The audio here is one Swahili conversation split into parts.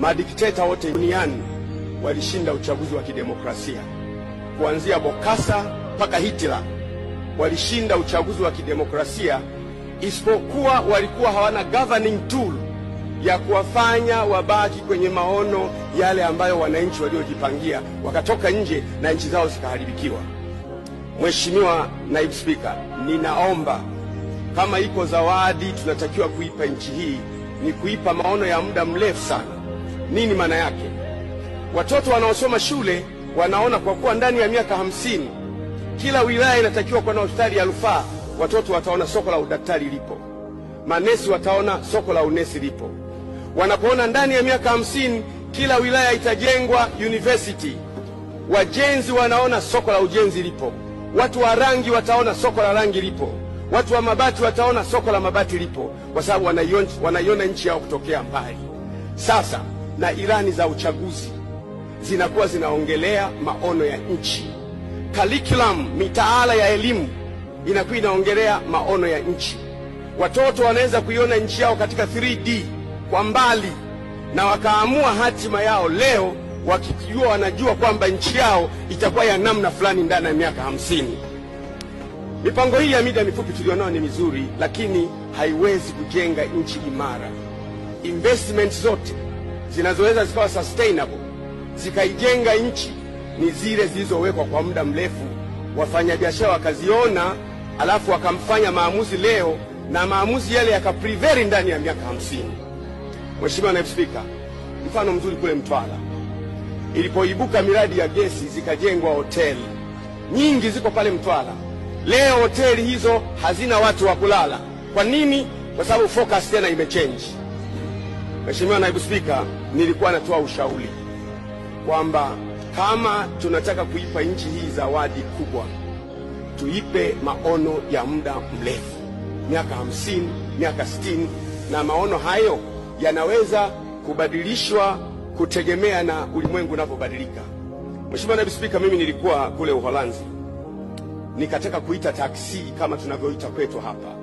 Madikteta wote duniani walishinda uchaguzi wa kidemokrasia, kuanzia Bokasa mpaka Hitler walishinda uchaguzi wa kidemokrasia, isipokuwa walikuwa hawana governing tool ya kuwafanya wabaki kwenye maono yale ambayo wananchi waliojipangia, wakatoka nje na nchi zao zikaharibikiwa. Mheshimiwa Naibu Spika, ninaomba kama iko zawadi tunatakiwa kuipa nchi hii, ni kuipa maono ya muda mrefu sana nini maana yake? Watoto wanaosoma shule wanaona kwa kuwa ndani ya miaka hamsini kila wilaya inatakiwa kuwa na hospitali ya rufaa. Watoto wataona soko la udaktari lipo, manesi wataona soko la unesi lipo. Wanapoona ndani ya miaka hamsini kila wilaya itajengwa university, wajenzi wanaona soko la ujenzi lipo. Watu wa rangi wataona soko la rangi lipo. Watu wa mabati wataona soko la mabati lipo, kwa sababu wanaiona nchi yao kutokea mbali. Sasa na ilani za uchaguzi zinakuwa zinaongelea maono ya nchi. Curriculum, mitaala ya elimu inakuwa inaongelea maono ya nchi. Watoto wanaweza kuiona nchi yao katika 3D kwa mbali, na wakaamua hatima yao leo wakijua, wanajua kwamba nchi yao itakuwa ya namna fulani ndani ya miaka hamsini. Mipango hii ya mida mifupi tulionao ni mizuri, lakini haiwezi kujenga nchi imara. Investment zote zinazoweza zikawa sustainable zikaijenga nchi ni zile zilizowekwa kwa muda mrefu, wafanyabiashara wakaziona, alafu wakamfanya maamuzi leo na maamuzi yale yakapreveri ndani ya miaka hamsini. Mheshimiwa Naibu Spika, mfano mzuri kule Mtwara ilipoibuka miradi ya gesi zikajengwa hoteli nyingi ziko pale Mtwara. Leo hoteli hizo hazina watu wa kulala. Kwa nini? Kwa sababu focus tena imechange. Mheshimiwa Naibu Spika, nilikuwa natoa ushauri kwamba kama tunataka kuipa nchi hii zawadi kubwa, tuipe maono ya muda mrefu, miaka hamsini, miaka sitini, na maono hayo yanaweza kubadilishwa kutegemea na ulimwengu unavyobadilika. Mheshimiwa Naibu Spika, mimi nilikuwa kule Uholanzi nikataka kuita taksi kama tunavyoita kwetu hapa,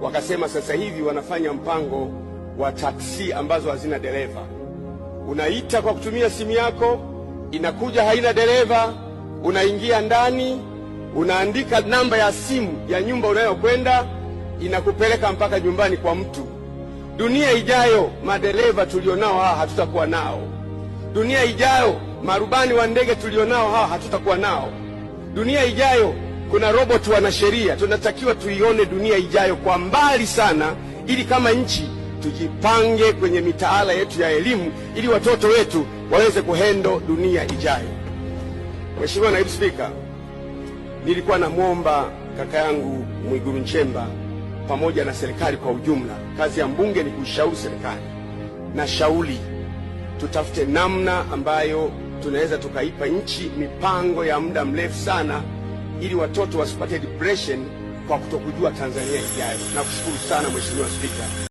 wakasema sasa hivi wanafanya mpango wa taksi ambazo hazina dereva. Unaita kwa kutumia simu yako, inakuja haina dereva, unaingia ndani, unaandika namba ya simu ya nyumba unayokwenda, inakupeleka mpaka nyumbani kwa mtu. Dunia ijayo madereva tulionao hawa hatutakuwa nao. Dunia ijayo marubani wa ndege tulionao hawa hatutakuwa nao. Dunia ijayo kuna roboti wanasheria. Tunatakiwa tuione dunia ijayo kwa mbali sana, ili kama nchi tujipange kwenye mitaala yetu ya elimu ili watoto wetu waweze kuhendo dunia ijayo. Mheshimiwa Naibu Spika, nilikuwa namwomba kaka yangu Mwigulu Nchemba pamoja na serikali kwa ujumla, kazi ya mbunge ni kushauri serikali na shauli, tutafute namna ambayo tunaweza tukaipa nchi mipango ya muda mrefu sana, ili watoto wasipate depression kwa kutokujua Tanzania ijayo. Nakushukuru sana Mheshimiwa Spika.